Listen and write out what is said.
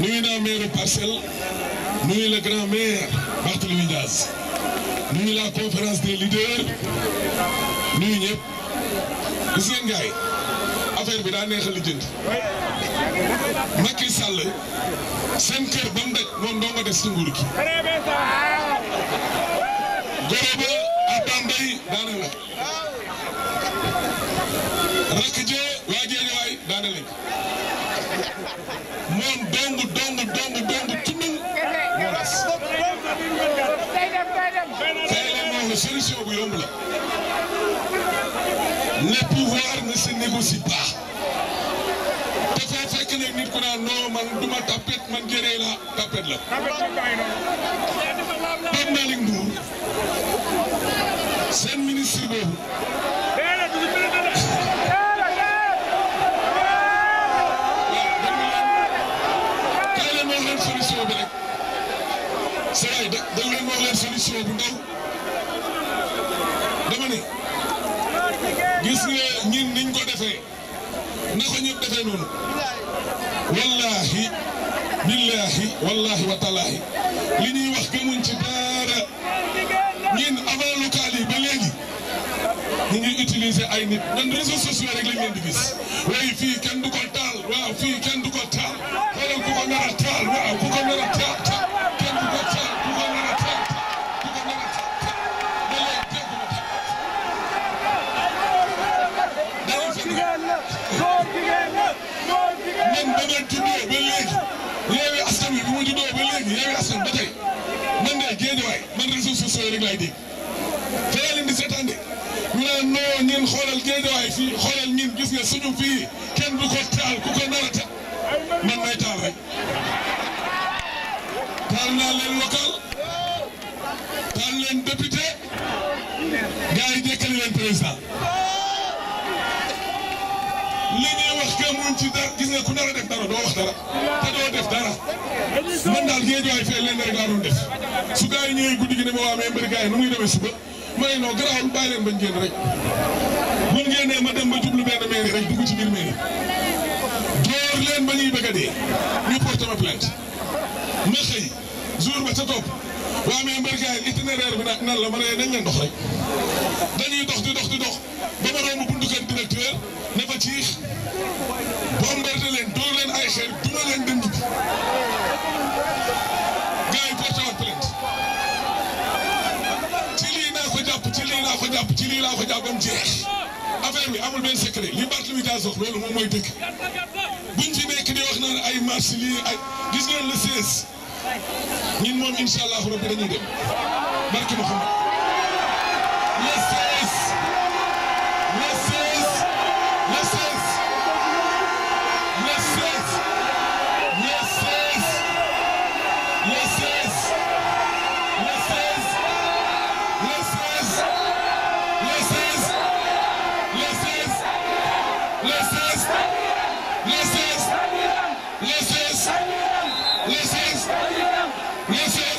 nuyu naa maire parcelle nuyu le grand maire Barthélémy nuyu la conférence des leaders nuyu ñëpp gis ngeen bi daa neexal li jënd Macky Sall seen kër ba mu des ci nguur gi. góor ba attendey daane la rakk jee waa Géejawaay daane min dengi dengi dengi dengi timmin wonas carrément bu yomb la le pouvoir ne se négocie pas dafa fekk ne nit ku naan non man duma tapet man jëree la tapet la Pape Malick Ndour seen ministre boobu Sénégal da dañ leen wax leen solution bu ndaw dama ne gis nga ñun niñ ko defee na ko ñëpp wallahi billahi wallahi wa taalaahi li ñuy wax gëmuñ ci dara ñun avant local yi ba léegi ñu ngi ay nit man réseaux sociaux rek lañ leen di gis waaye fii kenn ko taal waaw fii leen tuddee ba léegi Yewwi Askan Wi bi mu tuddee ba léegi Yewwi Askan ba tey man de Guédiawaye man réseaux sociaux yi rek laay dégg te yaa leen di seetaan de ñu naan non ñun xoolal Guédiawaye fii xoolal ñun gis nga suñu fii kenn du ko taal ku ko nar a taal man may taal rek taal naa leen local taal leen député gars yi jékkali leen président. ci dara gis nga ku nar a def dara doo wax dara te doo def dara man daal géejuwaay fee leen rek laa doon su gaa yi guddi gi ne ma waa mais mbëri gaa yi nu muy demee suba ma noo non garaawul bàyyi leen bañ génn rek buñ génnee ma dem ba jublu benn mairie rek dugg ci biir mairie door leen ba ñuy bëgg a dee ñu porté ma plainte ma xëy jour ba ca topp waa la ma ne nañ leen dox rek dañuy dox di dox di dox. laa ko ci lii laa ko bi amul benn secret li Barthélémy Dias wax loolu moom mooy dëkk buñ fi nekk di ay marche lii gis ngeen le 16 ñun moom incha allah rabi dañuy dem barki ma Yes, sir.